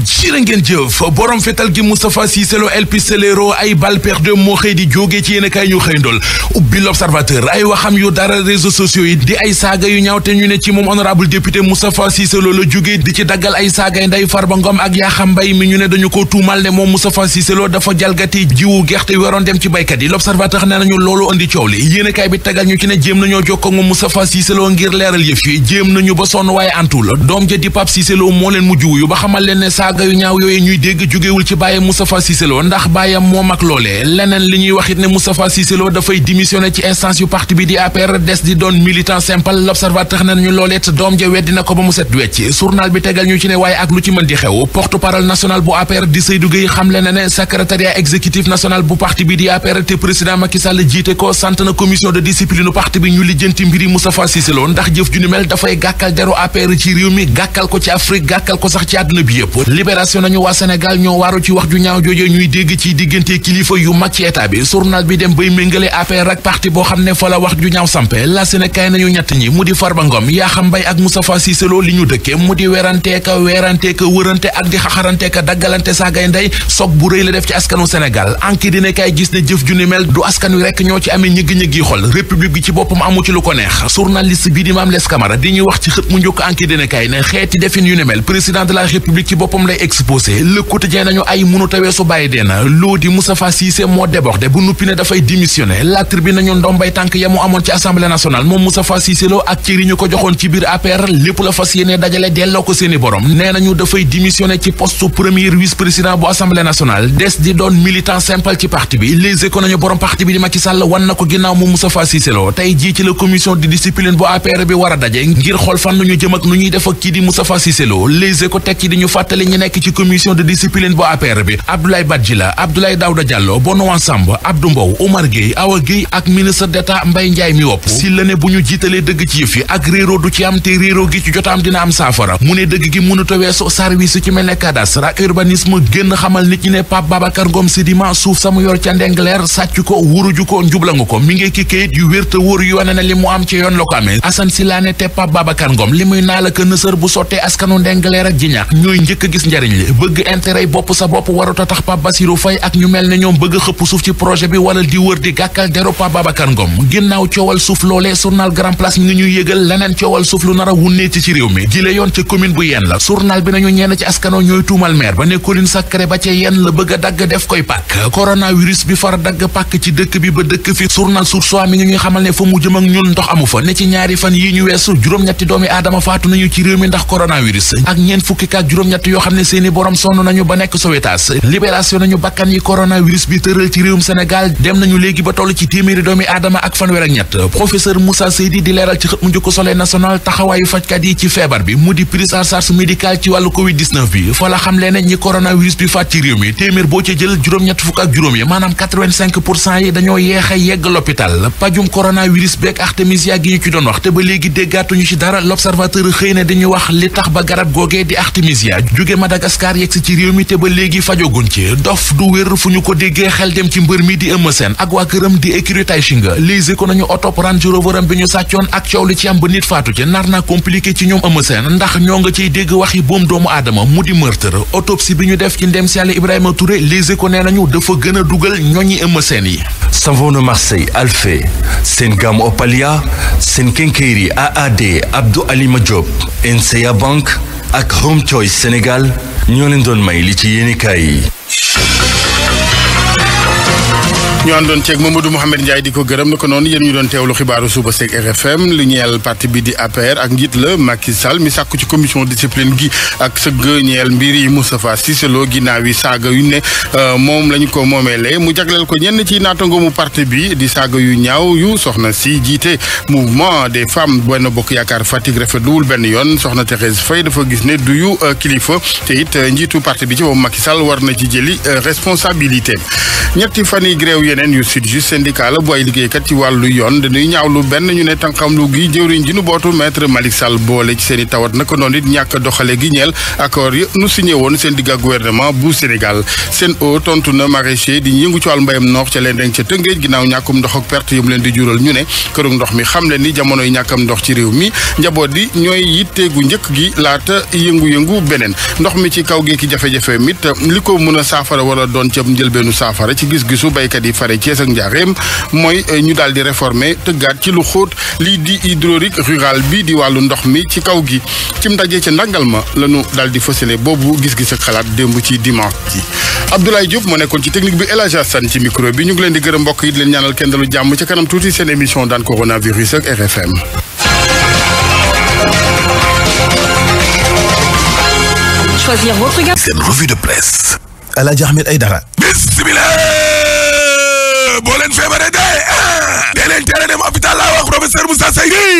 jërë ngeen jëf borom fetal gi Moustapha Cissé Lo El Pistolero ay balle perdue moo xëy di jógee ci yéenekaay ñu xëy ndool ubbi l'observateur ay waxam yu dara réseaux sociaux yi di ay saaga yu ñaaw te ñu ne ci moom honorable député Moustapha Cissé la jógee di ci daggal ay saagay nday Farba Ngom ak Yakham Mbaye mi ñu ne dañu ko tuumal ne moom Moustapha Cissé Lo dafa jalgati jiwu gerte waroon dem ci baykat yi l'observateur nee nañu loolu andi coow ci ne jéem nañoo jokkoo moom Moustapha Lo ngir leeral yëf yi jéem nañu ba sonn waaye antuwul doom ja di saaga yu ñaaw yooyu ñuy dégg jógewul ci bàyyam Moustapha Cissé Lo ndax bàyyam moo mag loolee leneen li ñuy wax it ne Moustapha Cissé dafay démissionné ci instance yu parti bi di APR des di doon militant simple l'observateur ne nañu loolee te doom ja weddi ko ba mu set wecc journal bi tegal ñu ci ne waaye ak lu ci mën di xew porte-parole national bu APR di Seydou Gueye xamle na ne secrétariat exécutif national bu parti bi di APR te président Macky sax ci àdduna bi libération nañu waa Sénégal ñoo waaru ci wax ju ñaaw jooje ñuy dégg ci diggante kilifa yu mag ci état bi journal bi dem bay méngale APR ak parti boo xam ne fa la wax ju ñaaw sampe la Sénégal nañu ñett ñi mu di Farba Ngom Yakham bay ak Moustapha Cissé Lo li ñu dëkke mu di weranteeka weeranteeka wërante ak di xaxaranteeka daggalante saagay ndey soog bu rëy la def ci askanu Sénégal anki dina kay gis ne jëf ju ni mel du askan wi rek ñoo ci amee ñëgg-ñëgg yi ci boppam amu wax lay exposé le quotidien nañu ay mënut a weesu bàyyi deena loo di Moustapha Cissé moo débordé bu nuppi ne dafay démissionné la tribune nañu ndombay tànk ya amoon ci assemblée nationale moom Moustapha Cissé Lo ak cër yi ko joxoon ci biir APR lépp la fas yéene dajale delloo ko seeni borom nee nañu dafay démissionné ci poste premier vice président bu assemblée nationale des di doon militant simple ci parti bi les éco nañu borom parti bi di Macky ci la nekk ci commission de discipline bu APR bi Abdoulaye Badji la Abdoulaye Daouda Diallo Bonoan Samb Abdou Mbow Omar Gueye Awa Gueye ak ministre d'État mbay Ndiaye mi wopp si la ne bu ñu jiitalee dëgg ci yëf yi ak réeroo du ci am te réeroo gi ci jotaam dina am saafara mu ne dëgg gi mënut a weesu service ci mel ne cadastre ak urbanisme génn xamal nit ñi ne Pape Babacar Ngom Sidima suuf samu yor ca Ndengleer sàcc ko wuruju ko njubla nga ko mi ngi ki kayit yu wér te wóor yu wane na li mu am yoon la ko amee Assane si laa ne te naa la ka nësër bu sottee askanu Ndengleer ak ji ñaax ñooy njariñ li bëgg intérêt bopp sa bopp waruta tax Pape Bassirou ak ñu mel ne ñoom bëgg xëpp suuf ci projet bi wala di wër di gàkkal deru Pape Babacar ginnaaw coowal suuf loolee journal Grand Place mi ngi ñuy yëgal leneen coowal suuf lu nar a wunnee ci ci réew mi jile yoon ca commune bu yenn la journal bi nañu ñenn ci askano ñooy tuumal maire ba ne colline Sacré ba ca yenn la bëgg a dagg def koy pàkk coronavirus bi far dagg pàkk ci dëkk bi ba dëkk fi journal Source A mi ngi ñuy xamal ne ñu weesu juróom-ñetti doomi ñett yoo xam ne ne seeni borom sonn nañu ba nekk Sowetaas libération nañu bakkan yi coronavirus bi tëral ci réewum Sénégal dem nañu léegi ba toll ci téeméeri doomi aadama ak fanweer ak ñett professeur Moussa Seydi di leeral ci xët mu njëkk Soleil national taxawaayu fajkat yi ci feebar bi mu di prise en charge médicale ci wàllu Covid bi fa xam leen ne ñi coronavirus bi faat ci réew mi téeméer boo ci jël juróom-ñett fukk ak juróom yi maanaam yi dañoo yeex a yegg l'hôpital pajum ñu ci doon wax te ba na dañuy wax li tax ba garab googee di Madagascar yegsi ci réew mi te ba léegi fajoguñ ci dof du wér fu ñu ko déggee xel dem ci mbër mi di Eumeu Sène ak waa këram di écurie Taïshinga lise ko nañu otop Range Roveram bi ñu sàccoon ak coow li ci am ba nit faatu ci nar naa compliqué ci ñoom Eumeu Sène ndax ñoo nga ciy dégg waxi boom doomu aadama mu di meurtre autopsie bi ñu def ci ndem si Yàlla Ibrahima Touré lise ko nee nañu dafa gën a dugal ñoñi Eumeu Sène yi savonu Marseille Alfé seen gamme Opalia seen kenkeeri AAD Abdou Alima Diop NCA Bank ak Home Choice Sénégal ñoo leen doon may li ci yéenekaay yi ñu àndoon ceeg Mamadou Mouhamed Ndiaye di ko gërëm na ko noonu yéen ñu doon teewlu xibaaru suba seeg RFM lu ñeel parti bi di APR ak njiit la Macky Sall mi sàkku ci commission discipline gi ak sëgg ñeel mbir yi Moustapha Cissé Lo ginnaaw yi saaga yu ne euh, moom la ñu ko moomeele mu jagleel ko ñenn ci naatango mu parti bi di saaga yu ñaaw yu soxna si jiite mouvement des femmes benn bokk yaakaar Fatick rafetluwul benn yoon soxna Thérèse fay dafa gis ne duyu yu euh, kilifa te it euh, njiitu parti bi ci boobu Macky war na ci jëli responsabilité yeneen yu sud ju syndicat la bu ay liggéeykat ci wàllu yoon dañuy ñaawlu benn ñu ne lu gi jëwriñ ji nu bootu maître Malick Sall boole ci seen i tawat naka noon it ñàkk doxale gi ñeel accord yi nu signé woon seen digg ak bu Sénégal seen o tontu na maraîcher di yëngu ci wàllu mbayam noox ca leen deng ca tëngeej ginnaaw ñàkkum ndox ak perte yëmu leen di jural ñu ne këru ndox mi xam leen ni jamonoy ñàkkam ndox ci réew mi njaboot di ñooy yitteegu njëkk gi laata yëngu-yëngu beneen ndox mi ci kaw gi ki jafe-jafe li ko mën a saafara wala doon ca njëlbeenu saafara ci gis-gisu baykat yi fare ci ak Njaareem mooy euh, ñu daal di réformer tëggaat ci lu xóot lii di hydraulique rural bi di wàllu ndox mi ci kaw gi cim ndaje ca ndàngal ma la ñu daal di fësale boobu gis-gis ak xalaat démb ci dimanche ji Abdoulaye Diop moo nekkoon ci technique bi El Hadj Assane ci micro bi ñu ngi leen di gërëm mbokk yi di leen ñaanal kenn dalu jàmm ca kanam tuuti seen émission daan coronavirus ak RFM. Choisir votre gamme. C'est boo leen a dee eh. dee leen tere dem hôpital laa wax professeur Moussa Seydi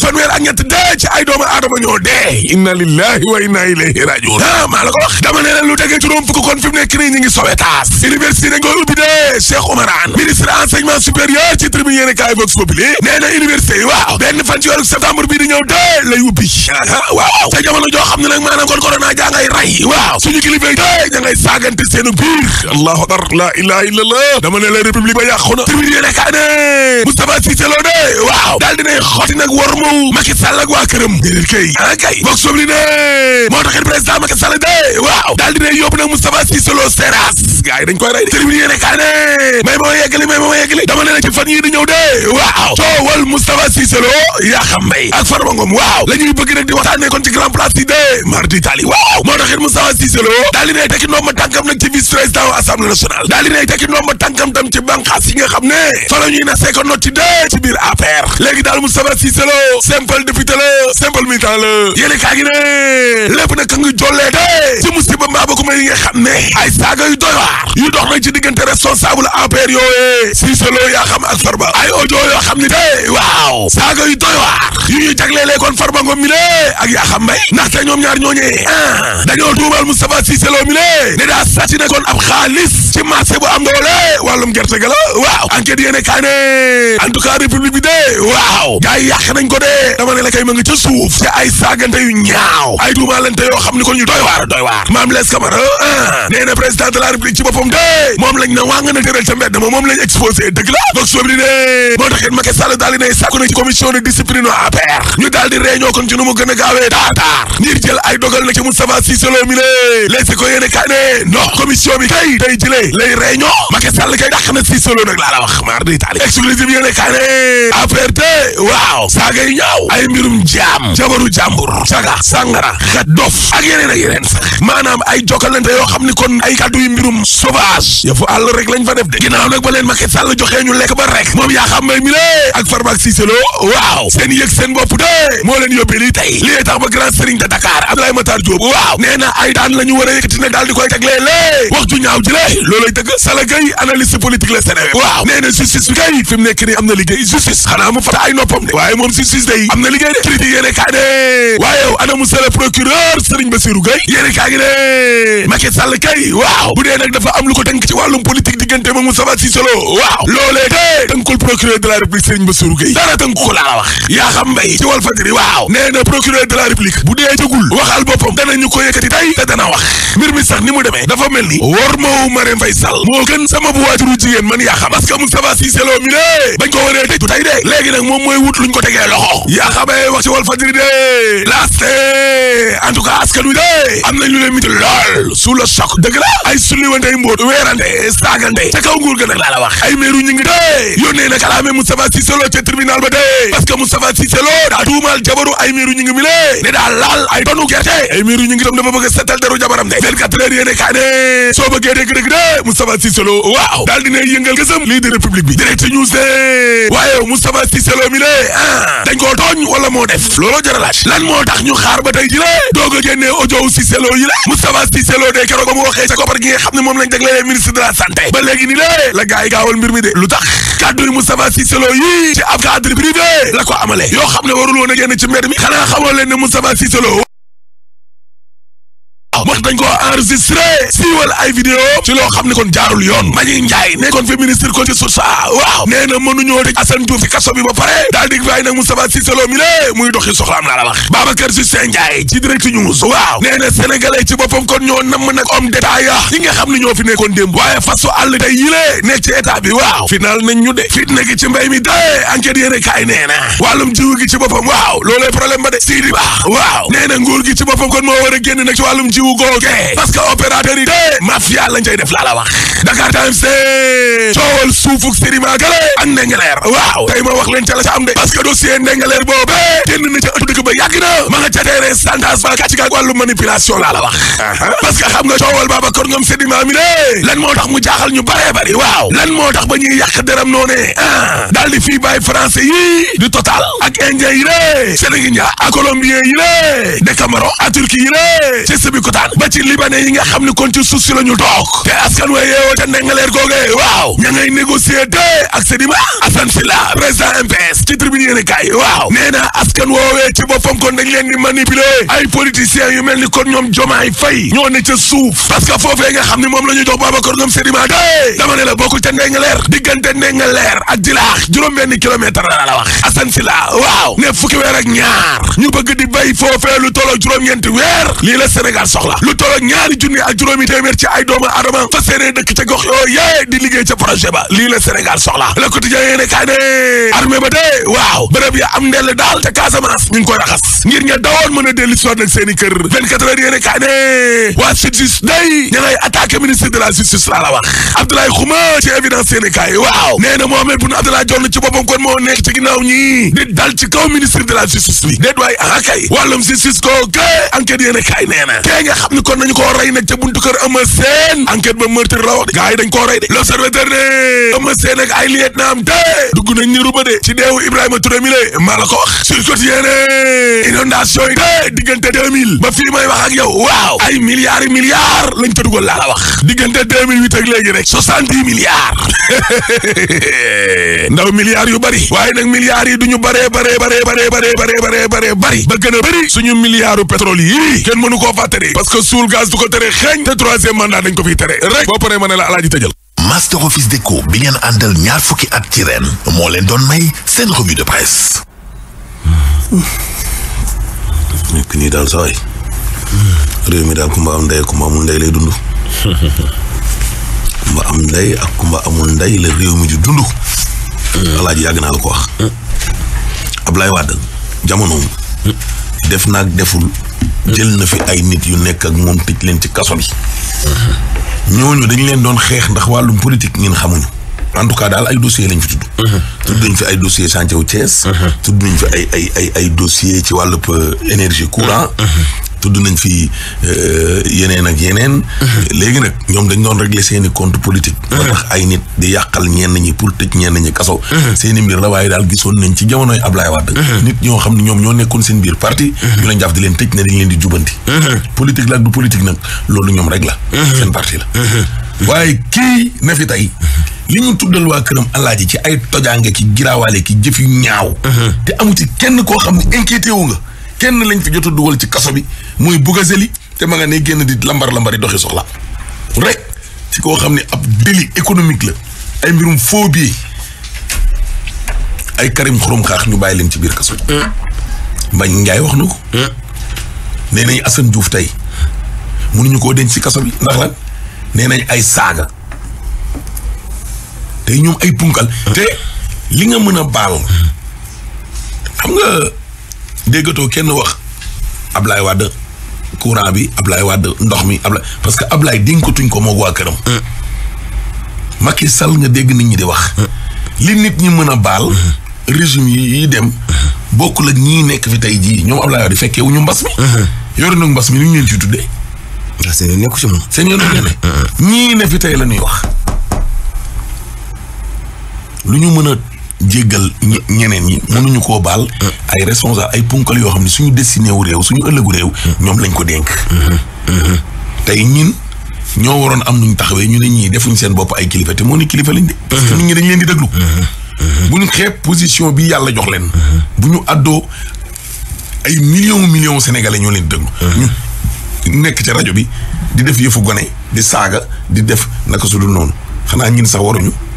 fanweer ak ñett dee ci ay doomu aadama ñoo dee inna lillahi wa inna a rajiun ah maa la ko wax dama ne leen lu tegee juróom fukk kon fi mu nekk nii ñu ngi sowe taas université dañ koy ubbi de ministre enseignement supérieur ci tribune yéene kaay Vox Populi nee na université waaw benn fan ci weeru septembre bii di ñëw de lay ubbi waaw waaw te waaw suñu kilifa yi de da ngay saagante biir allahu akbar la ilaha illallah dama ne la république ba yàqu Eh, waaw daal dinay xotti nag war mu Macky Sall ak waa këram déedéet kay ah kay vox sobli ne moo taxit président Macky Sall de waaw daal dinay yóbbu nag Moustapha Cissé Lo Seras gars yi dañ koy rey terminé may ma yeggali may ma yeggali dama ne ci fan yii di ñëw de waaw coowal Moustapha Cissé Lo yaa xam mbay ak Farba Ngom waaw la ñuy bëgg nag di waxtaanee kon ci grand place yi de mardi tali waaw moo taxit Moustapha Cissé Lo daal dinay tekki ndomba banqaas yi nga xam ne fa la na nasee ko notti de ci biir APR léegi daal Moustapha Cissé la simple député la simple militant la yéene kaa gi ne lépp nag ka nga jollee de ci musiba mbaa yi nga xam ne ay saaga yu doy yu dox nag ci diggante responsable APR yooyee Cissé la yaa xam ak Farba ay audio yoo xam ni de waaw saaga yu doy waar yu ñuy jagleelee kon Farba Ngom mi le ak yaa xam mbay ndaxte ñoom ñaar ñooñee ah dañoo tuumal Moustapha Cissé la mi le ne ne kon ab xaalis ci bu am doole wàllum gerte ga la waaw enquête yéene kaa ne république bi de waaw gars yi nañ ko de dama ne la kay ma nga ca suuf te ay saagante yu ñaaw ay tuumaalante yoo xam ni ko ñu doy waar doy waar maam lees Camara ah président de la république ci boppam de moom lañ na waa nga na tëral mbedd ma moom lañ exposé dëgg la donc soob li ne moo tax it Macky Sall daal di ne sàkku na ci commission de discipline o APR ñu daal di réunion kon a ko bi lay réunion Macky Sall kay dàq na Cissé Lo nag laa la wax maar day taali exclusive yéene kaa ne waaw saaga yi ñaaw ay mbirum jaam jabaru jàmbur saga sàngara xat dof ak yeneen ak yene sax maanaam ay jokkalante yoo xam ni kon ay kàddu yu mbirum sauvage yëfu àll rek lañ fa def de ginnaaw nag ba leen Macky Sall joxee ñu lekk ba rek moom yaa xam may mi lé ak Farba ak Cissé waaw seen yëg seen bopp de moo leen yóbbee lii tey lii tax ba grand serigne de Dakar Abdoulaye Matar Diop waaw ay daan la ñu war a daal di koy teglee wax ju ñaaw ji lée loolay dëgg sala gay analyste politique la sénégalais waaw nee na justice bi kay fi mu nekk nii am na liggéey dee nag dafa de la République Serigne Bassirou Gueye dara tënku ko wax yaa xam mbay ci wal waaw nee na de la République bu dee jëgul waxal boppam danañu ko yëkkati tey te dana wax mbir mi sax ni mu demee dafa mel ni war mawu Marème Faye Abdoulaye Sall moo gën sama bu waajuru jigéen man yaa xam parce que Moustapha Cissé Lo mi ne bañ ko waree tëj du tey de léegi nag moom mooy wut luñ ko tegee loxo yaa xamee wax ci Walf Fadjri de laaste en tout cas askan de am nañ lu leen miti lool sous le choc dëgg la ay sulli wante ay mbóot weerante saagante ca kaw nguur ga nag laa ay meeru ñu mi le ne daa laal ay tonu gerte ay meeru ñu ngi tam dafa bëgg setal deru jabaram de 24 heures yéene kaa ne soo bëggee dégg de Moustapha Cissé Lo waaw daal dina yëngal gësam lii di république bi direct news de waaye Moustapha Cissé Lo mi ne ah dañ koo tooñ wala moo def looloo jar a laaj lan moo tax ñu xaar ba tey ji la doog a génnee audio Cissé yi la Moustapha Cissé Lo de keroog ba mu waxee ca koppar gi xam ne moom lañ jaglelee ministre de la santé ba léegi ni lée la gaa gaawal mbir de lu tax kàddu yi Moustapha Cissé yi ci ab cadre privé la amale yoo xam ne warul woon a génn ci mbedd mi xanaa xamoo leen ne Moustapha Cissé Lo ko ndax dañ koo enregistré siiwal ay vidéo ci loo xam ne kon jaarul yoon Mañi Njaay nekkoon fi ministre kon ci sursa waaw nee mënuñoo tëj Assane fi kaso bi ba pare daal di fay nag Moustapha Cissé Lo mi lé muy doxi soxlaam laa la wax Babacar Justin Ndiaye ci direct news waaw nee na ci boppam kon ñoo namm nag homme d'état ñi nga xam ne ñoo fi nekkoon démb waaye fasu àll tey yilee nekk ci état bi waaw final nañ ñu de fitna gi ci mbay mi de a génn nguuru googe parce que opérateur yi de mafia lañ cay def laa la wax Dakar Times de coowal suufuk sédiment gale ak ndengeleer waaw tey ma wax leen ca la ca am de parce que dossier ndengeleer boobe génn na ca ëttu dëkk a yàgg na ca teere santas ba kàcc ak wàllu laa la wax parce que nga coowal Babacar Ngom sédiment mi de lan moo tax mu jaaxal ñu bare bari waaw lan moo tax ba ñuy yàq deram noone ah daal di fii bàyyi français yi du total ak indien ba ci libanais yi nga xam ne kon ci suuf si la ñu te askan wa yeewoo te ndengaleer googee waaw ña ngay négocier de ak Sedima Assane Sylla président MPS ci tribune yéene waaw nee na askan woowee ci boppam kon dañ leen di manipuler ay politiciens yu mel ni kon ñoom Jomaay Fay ñoo ne ca suuf parce foofee nga xam ne moom la ñu jox Babacar Ngom Sedima de dama ne la bokkul ca ndengaleer diggante ndengaleer ak jilaax juróom-benn kilomètre la la wax Assane soxla lu toll ak junni ak juróomi téeméer ci ay doomu adama fas yéene dëkk ca gox yoo di liggéey ca projet ba lii la Sénégal soxla le quotidien yéene kaay ne armée a dellu si nag waa justice day ña ngay attaqué ministre de la justice laa la wax na ci boppam kon moo nekk ci ginnaaw ñi dal ci kaw ministre de la justice bi déet waay ah kay wàllum justice koo kay enquête yéene kaay nee na nga xam ni kon nañu koo rey nag ca buntu kër Eumeu Sène enquête ba meurtre la wax de gars yi dañ koo rey de l'observateur ne Eumeu Sène ak ay lieutenant te dugg nañ ni ruba de ci deewu Ibrahima Touré mi le maa la ko wax sur quotidien inondation yi te diggante 2000 ba fii may wax ak yow waaw ay milliards yi milliards lañ ca dugal laa la wax ndax diggante 2008 ak léegi rek 70 milliards ndaw milliards yu bari waaye nag milliards yi du ñu baree baree baree baree baree baree baree baree bari ba gën a bari suñu milliards pétrole yii kenn mënu koo fàttali parce que suul gaz du ko tere xeeñ te troisième mandat dañ ko fiy tere rek boo paree ma ne la alaaji tëjal Master Office Déco bi ngeen àndal ñaar fukki at ci ren moo leen doon may seen revue de presse. nekk nii daal saa yi. réew mi daal ku ma am ndey ku ma amul ndey lay dund. kumba am ndey ak kumba amul ndey la réew mi di dund. alaaji yàgg naa la ko wax. Ablaye Wade jamonoom. def naa ak deful. jël na fi ay nit yu nekk ak moom tëj leen ci kaso bi. ñooñu dañu leen doon xeex ndax wàllum politique ngeen xamuñu. en tout daal ay dossier lañ fi tudd. tudd nañ fi ay dossier chantier wu Thiès. tudd nañ fi ay ay ay ay dossier ci wàllub euh, énergie courant. tudd nañ fi euh, yeneen ak yeneen. Mhm. léegi nag ñoom dañ doon régler seen i compte politique. Mhm. moo nit di yàqal ñenn ñi pour tëj ñenn ñi kaso. Mhm. seen i mbir la waaye daal gisoon nañ ci jamono jamonoy Ablaye Wade. nit ñoo xam ne ñoom ñoo nekkoon seen biir parti. ñu leen jaaf di leen tëj ne dañ leen di jubanti. politique la ak du politique nag loolu ñoom rek la. seen parti la. waaye kii na fi tey. li ñu tuddal waa këram ji ci ay tojaange ki giraawaale ki jëf yu ñaaw. te amu ci kenn koo xam ne inquiété nga kenn lañ fi jot a dugal ci kaso bi. mooy Bougazelli te ma nga ne génn di lambar lambari doxi soxla rek ci koo xam ne ab délit économique la ay mbirum faux ay Karim Xurum Xaax ñu bàyyi leen ci biir kaso bi. Mbañ Njaay wax na ko. nee nañ Assane Diouf tey mënuñu koo denc ci kaso bi ndax lan nee nañ ay saaga tey ñoom ay punkal. te li nga mën a baal. xam nga déggatoo kenn wax Ablaye Wade courant bi Ablaye Wade ndox mi Ablaye parce que Ablaye dénkatuñ ko moog waa këram. Mm. Macky sal nga dégg nit ñi di wax. Mm. li nit ñi mën a baal. Mm. régime yi dem. bokkul ak ñii nekk fi tey jii ñoom Ablaye Wade fekkee wu ñu mbas mi. Mm-hmm. yore na mbas mi ni ñu nekku ci moom. Mm-hmm. ne fi tey la ñuy wax. lu ñu mën a jéggal ñeneen ñi mënuñu koo baal mm-hmm. ay responsable ay punkal yoo xam ne suñu destiné wu réew suñu ëllëgu réew mm-hmm. ñoom lañ ko dénk mm-hmm. tey ñin ñoo waroon am nuñ taxawee ñu ne ñii defuñu seen bopp ay kilifa te moo ni kilifa lañ de parce que nit ñi dañ leen di déglu bu ñu xeeb position bi yàlla jox leen bu ñu addoo ay millions millions sénégalais ñoo leen di déglu ñu nekk ci rajo bi di def yëfu gone di saaga di def naka su dul noonu xanaa ñin sax waruñu